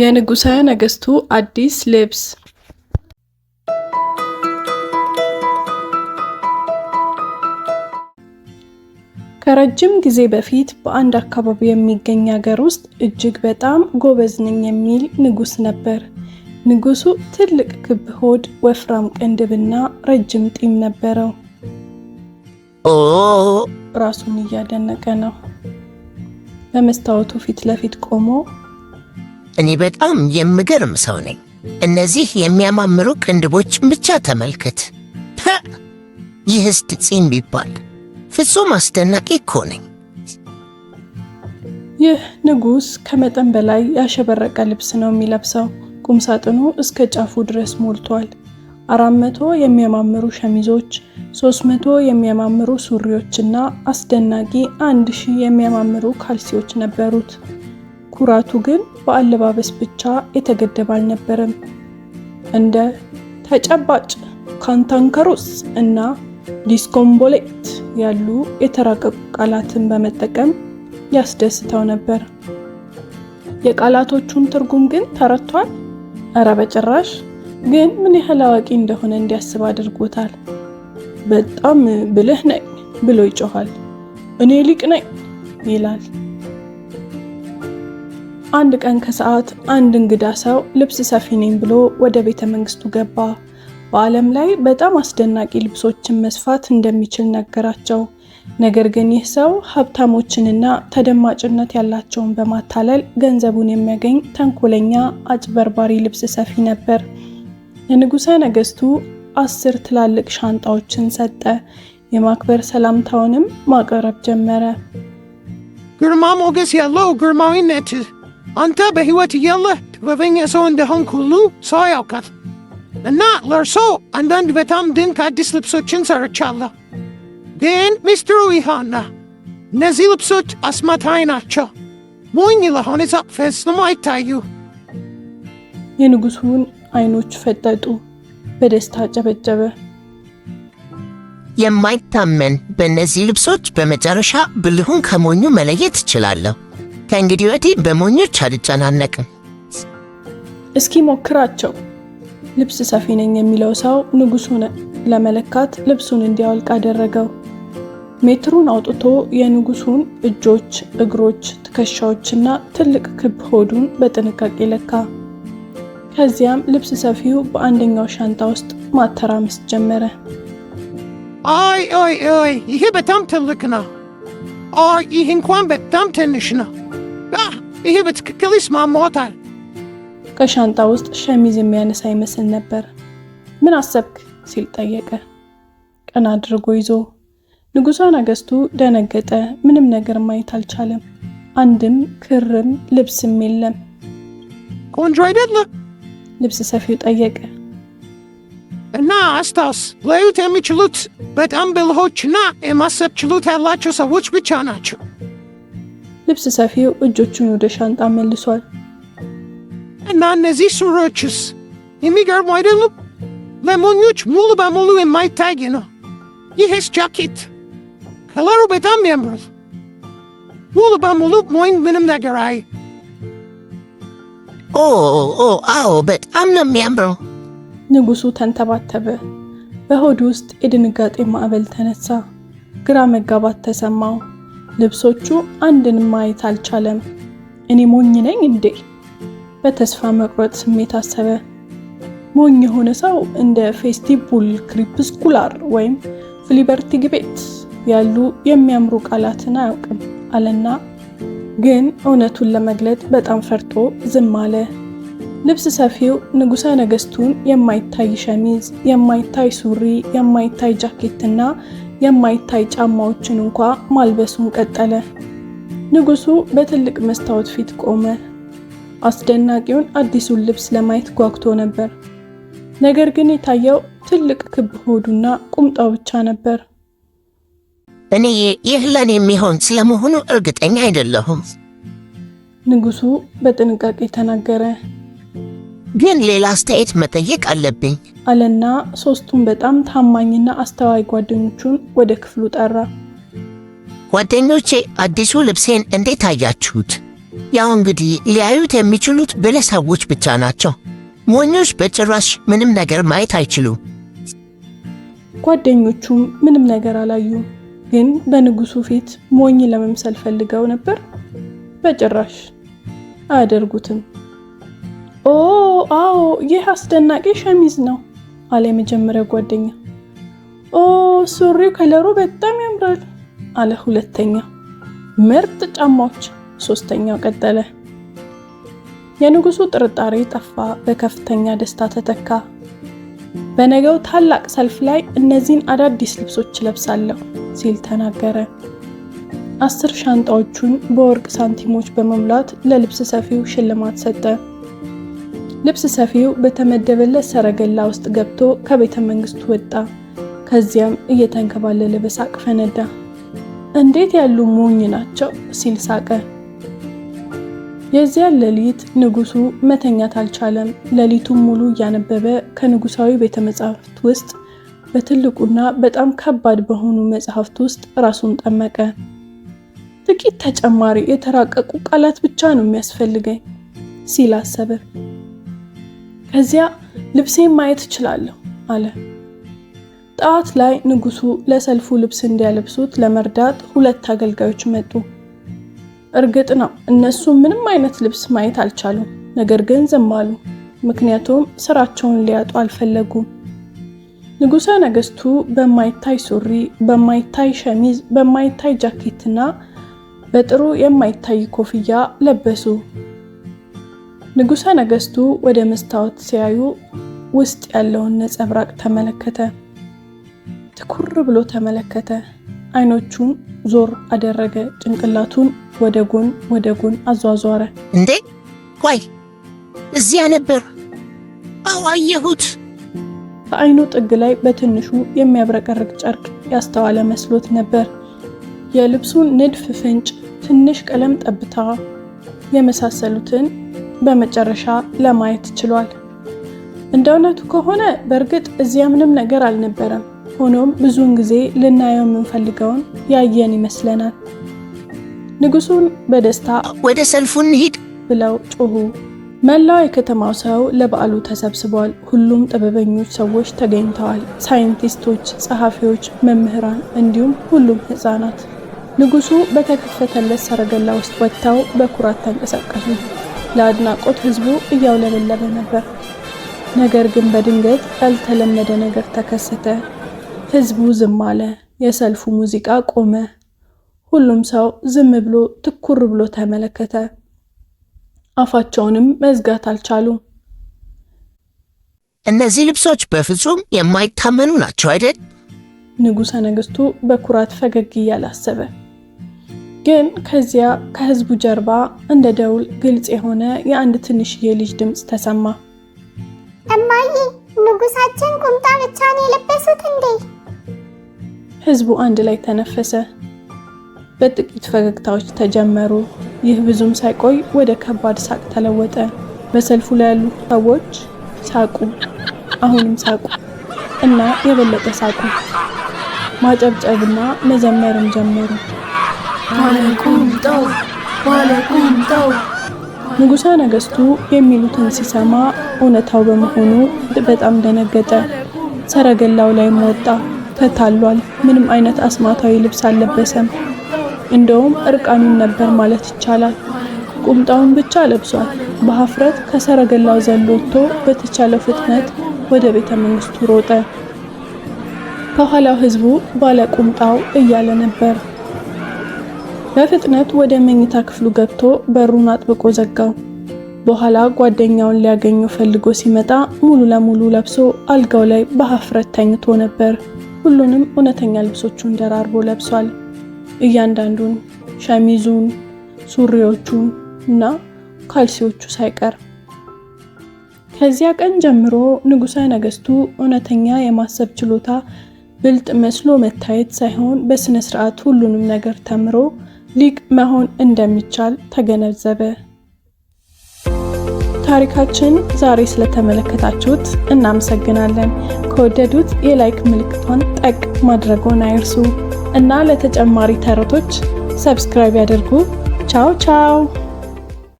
የንጉሠ ነገሥቱ አዲስ ልብስ ከረጅም ጊዜ በፊት በአንድ አካባቢ የሚገኝ ሀገር ውስጥ እጅግ በጣም ጎበዝ ነኝ የሚል ንጉስ ነበር። ንጉሱ ትልቅ ክብ ሆድ፣ ወፍራም ቅንድብና ረጅም ጢም ነበረው። ራሱን እያደነቀ ነው። በመስታወቱ ፊት ለፊት ቆሞ እኔ በጣም የምገርም ሰው ነኝ። እነዚህ የሚያማምሩ ቅንድቦችን ብቻ ተመልከት። ይህስ ጢም ቢባል ፍጹም አስደናቂ እኮ ነኝ። ይህ ንጉሥ ከመጠን በላይ ያሸበረቀ ልብስ ነው የሚለብሰው። ቁምሳጥኑ እስከ ጫፉ ድረስ ሞልቷል። አራት መቶ የሚያማምሩ ሸሚዞች፣ ሶስት መቶ የሚያማምሩ ሱሪዎችና አስደናቂ አንድ ሺህ የሚያማምሩ ካልሲዎች ነበሩት። ኩራቱ ግን በአለባበስ ብቻ የተገደበ አልነበረም። እንደ ተጨባጭ ካንታንከሮስ እና ዲስኮምቦሌት ያሉ የተራቀቁ ቃላትን በመጠቀም ያስደስተው ነበር። የቃላቶቹን ትርጉም ግን ተረቷል እረ በጭራሽ! ግን ምን ያህል አዋቂ እንደሆነ እንዲያስብ አድርጎታል። በጣም ብልህ ነኝ ብሎ ይጮኋል። እኔ ሊቅ ነኝ ይላል። አንድ ቀን ከሰዓት አንድ እንግዳ ሰው ልብስ ሰፊ ነኝ ብሎ ወደ ቤተ መንግስቱ ገባ። በዓለም ላይ በጣም አስደናቂ ልብሶችን መስፋት እንደሚችል ነገራቸው። ነገር ግን ይህ ሰው ሀብታሞችንና ተደማጭነት ያላቸውን በማታለል ገንዘቡን የሚያገኝ ተንኮለኛ አጭበርባሪ ልብስ ሰፊ ነበር። ለንጉሠ ነገሥቱ አስር ትላልቅ ሻንጣዎችን ሰጠ። የማክበር ሰላምታውንም ማቅረብ ጀመረ። ግርማ ሞገስ ያለው ግርማዊነት አንተ በሕይወት እያለህ ጥበበኛ ሰው እንደሆንክ ሁሉ ሰው ያውቃል። እና ለእርሶ አንዳንድ በጣም ድንቅ አዲስ ልብሶችን ሰርቻለሁ። ግን ሚስትሩ ይሃና እነዚህ ልብሶች አስማታይ ናቸው። ሞኝ ለሆነ ሰው ፈጽሞ አይታዩ። የንጉሡን አይኖች ፈጠጡ። በደስታ ጨበጨበ። የማይታመን በእነዚህ ልብሶች በመጨረሻ ብልሁን ከሞኙ መለየት እችላለሁ። ከእንግዲህ ወዲህ በሞኞች አልጨናነቅም። እስኪ ሞክራቸው። ልብስ ሰፊ ነኝ የሚለው ሰው ንጉሱ ለመለካት ልብሱን እንዲያወልቅ አደረገው። ሜትሩን አውጥቶ የንጉሱን እጆች፣ እግሮች፣ ትከሻዎችና ትልቅ ክብ ሆዱን በጥንቃቄ ለካ። ከዚያም ልብስ ሰፊው በአንደኛው ሻንጣ ውስጥ ማተራመስ ጀመረ። አይ ኦይ ይሄ በጣም ትልቅ ነው። አይ ይህ እንኳን በጣም ትንሽ ነው። ይሄ በትክክል ይስማማዎታል። ከሻንጣ ውስጥ ሸሚዝ የሚያነሳ ይመስል ነበር። ምን አሰብክ ሲል ጠየቀ። ቀና አድርጎ ይዞ ንጉሠ ነገሥቱ ደነገጠ። ምንም ነገር ማየት አልቻለም። አንድም ክርም ልብስም የለም። ቆንጆ አይደለም? ልብስ ሰፊው ጠየቀ። እና አስታውስ፣ ሊያዩት የሚችሉት በጣም ብልሆችና የማሰብ ችሎታ ያላቸው ሰዎች ብቻ ናቸው። ልብስ ሰፊው እጆቹን ወደ ሻንጣ መልሷል። እና እነዚህ ሱሪዎችስ የሚገርሙ አይደሉም? ለሞኞች ሙሉ በሙሉ የማይታይ ነው። ይህስ ጃኬት ከለሩ በጣም ያምራል። ሙሉ በሙሉ ሞኝ ምንም ነገር አይ። ኦ ኦ፣ አዎ በጣም ነው የሚያምረው። ንጉሡ ተንተባተበ። በሆድ ውስጥ የድንጋጤ ማዕበል ተነሳ። ግራ መጋባት ተሰማው። ልብሶቹ አንድንም ማየት አልቻለም። እኔ ሞኝ ነኝ እንዴ? በተስፋ መቁረጥ ስሜት አሰበ። ሞኝ የሆነ ሰው እንደ ፌስቲቡል ክሪፕስኩላር ወይም ፍሊበርቲ ግቤት ያሉ የሚያምሩ ቃላትን አያውቅም አለና ግን እውነቱን ለመግለጥ በጣም ፈርቶ ዝም አለ። ልብስ ሰፊው ንጉሠ ነገሥቱን የማይታይ ሸሚዝ፣ የማይታይ ሱሪ፣ የማይታይ ጃኬትና የማይታይ ጫማዎችን እንኳ ማልበሱን ቀጠለ። ንጉሱ በትልቅ መስታወት ፊት ቆመ። አስደናቂውን አዲሱን ልብስ ለማየት ጓጉቶ ነበር። ነገር ግን የታየው ትልቅ ክብ ሆዱና ቁምጣው ብቻ ነበር። እኔ ይህ ለኔ የሚሆን ስለመሆኑ እርግጠኛ አይደለሁም፣ ንጉሱ በጥንቃቄ ተናገረ። ግን ሌላ አስተያየት መጠየቅ አለብኝ አለና ሶስቱን በጣም ታማኝና አስተዋይ ጓደኞቹን ወደ ክፍሉ ጠራ። ጓደኞቼ አዲሱ ልብሴን እንዴት አያችሁት? ያው እንግዲህ ሊያዩት የሚችሉት ብለ ሰዎች ብቻ ናቸው። ሞኞች በጭራሽ ምንም ነገር ማየት አይችሉም። ጓደኞቹም ምንም ነገር አላዩም፣ ግን በንጉሱ ፊት ሞኝ ለመምሰል ፈልገው ነበር። በጭራሽ አያደርጉትም። ኦ አዎ፣ ይህ አስደናቂ ሸሚዝ ነው አለ የመጀመሪያው ጓደኛ። ኦ ሱሪው ከለሩ በጣም ያምራል አለ ሁለተኛ። ምርጥ ጫማዎች ሶስተኛው ቀጠለ። የንጉሱ ጥርጣሬ ጠፋ፣ በከፍተኛ ደስታ ተተካ። በነገው ታላቅ ሰልፍ ላይ እነዚህን አዳዲስ ልብሶች ለብሳለሁ ሲል ተናገረ። አስር ሻንጣዎቹን በወርቅ ሳንቲሞች በመሙላት ለልብስ ሰፊው ሽልማት ሰጠ። ልብስ ሰፊው በተመደበለት ሰረገላ ውስጥ ገብቶ ከቤተ መንግስቱ ወጣ። ከዚያም እየተንከባለለ በሳቅ ፈነዳ። እንዴት ያሉ ሞኝ ናቸው ሲል ሳቀ። የዚያን ሌሊት ንጉሱ መተኛት አልቻለም። ሌሊቱን ሙሉ እያነበበ ከንጉሳዊ ቤተ መጻሕፍት ውስጥ በትልቁና በጣም ከባድ በሆኑ መጽሐፍት ውስጥ ራሱን ጠመቀ። ጥቂት ተጨማሪ የተራቀቁ ቃላት ብቻ ነው የሚያስፈልገኝ ሲል አሰበ። ከዚያ ልብሴን ማየት እችላለሁ አለ። ጠዋት ላይ ንጉሱ ለሰልፉ ልብስ እንዲያለብሱት ለመርዳት ሁለት አገልጋዮች መጡ። እርግጥ ነው እነሱ ምንም አይነት ልብስ ማየት አልቻሉም፣ ነገር ግን ዝም አሉ። ምክንያቱም ስራቸውን ሊያጡ አልፈለጉም። ንጉሰ ነገስቱ በማይታይ ሱሪ፣ በማይታይ ሸሚዝ፣ በማይታይ ጃኬትና በጥሩ የማይታይ ኮፍያ ለበሱ። ንጉሠ ነገሥቱ ወደ መስታወት ሲያዩ ውስጥ ያለውን ነጸብራቅ ተመለከተ። ትኩር ብሎ ተመለከተ። አይኖቹን ዞር አደረገ። ጭንቅላቱን ወደ ጎን ወደ ጎን አዟዟረ። እንዴ ቆይ እዚያ ነበር? አዎ አየሁት። በአይኑ ጥግ ላይ በትንሹ የሚያብረቀርቅ ጨርቅ ያስተዋለ መስሎት ነበር። የልብሱን ንድፍ፣ ፍንጭ፣ ትንሽ ቀለም ጠብታ የመሳሰሉትን በመጨረሻ ለማየት ችሏል። እንደ እውነቱ ከሆነ በእርግጥ እዚያ ምንም ነገር አልነበረም። ሆኖም ብዙውን ጊዜ ልናየው የምንፈልገውን ያየን ይመስለናል። ንጉሱን በደስታ ወደ ሰልፉ እንሂድ ብለው ጮሁ። መላው የከተማው ሰው ለበዓሉ ተሰብስቧል። ሁሉም ጥበበኞች ሰዎች ተገኝተዋል። ሳይንቲስቶች፣ ጸሐፊዎች፣ መምህራን እንዲሁም ሁሉም ህፃናት። ንጉሱ በተከፈተለት ሰረገላ ውስጥ ወጥተው በኩራት ተንቀሳቀሱ። ለአድናቆት ህዝቡ እያውለበለበ ነበር። ነገር ግን በድንገት ያልተለመደ ነገር ተከሰተ። ህዝቡ ዝም አለ። የሰልፉ ሙዚቃ ቆመ። ሁሉም ሰው ዝም ብሎ ትኩር ብሎ ተመለከተ። አፋቸውንም መዝጋት አልቻሉም። እነዚህ ልብሶች በፍጹም የማይታመኑ ናቸው አይደል? ንጉሠ ነገሥቱ በኩራት ፈገግ እያላሰበ። አሰበ። ግን ከዚያ ከህዝቡ ጀርባ እንደ ደውል ግልጽ የሆነ የአንድ ትንሽዬ ልጅ ድምፅ ተሰማ። እማዬ፣ ንጉሳችን ቁምጣ ብቻ ነው የለበሱት እንዴ? ህዝቡ አንድ ላይ ተነፈሰ። በጥቂት ፈገግታዎች ተጀመሩ። ይህ ብዙም ሳይቆይ ወደ ከባድ ሳቅ ተለወጠ። በሰልፉ ላይ ያሉ ሰዎች ሳቁ፣ አሁንም ሳቁ እና የበለጠ ሳቁ። ማጨብጨብና መዘመርም ጀመሩ። ባለቁምጣው ባለቁምጣው ንጉሠ ነገሥቱ የሚሉትን ሲሰማ እውነታው በመሆኑ በጣም ደነገጠ። ሰረገላው ላይም ወጣ። ተታሏል። ምንም አይነት አስማታዊ ልብስ አልለበሰም። እንደውም እርቃኑን ነበር ማለት ይቻላል። ቁምጣውን ብቻ ለብሷል። በሀፍረት ከሰረገላው ዘሎ ወጥቶ በተቻለው ፍጥነት ወደ ቤተ መንግስቱ ሮጠ። ከኋላው ህዝቡ ባለ ቁምጣው እያለ ነበር። በፍጥነት ወደ መኝታ ክፍሉ ገብቶ በሩን አጥብቆ ዘጋው። በኋላ ጓደኛውን ሊያገኘው ፈልጎ ሲመጣ ሙሉ ለሙሉ ለብሶ አልጋው ላይ በሀፍረት ተኝቶ ነበር። ሁሉንም እውነተኛ ልብሶቹን ደራርቦ ለብሷል። እያንዳንዱን ሸሚዙን፣ ሱሪዎቹን እና ካልሲዎቹ ሳይቀር። ከዚያ ቀን ጀምሮ ንጉሠ ነገሥቱ እውነተኛ የማሰብ ችሎታ ብልጥ መስሎ መታየት ሳይሆን በስነ ስርዓት ሁሉንም ነገር ተምሮ ሊቅ መሆን እንደሚቻል ተገነዘበ። ታሪካችን ዛሬ ስለተመለከታችሁት እናመሰግናለን። ከወደዱት የላይክ ምልክቷን ጠቅ ማድረጎን አይርሱ እና ለተጨማሪ ተረቶች ሰብስክራይብ ያደርጉ ቻው ቻው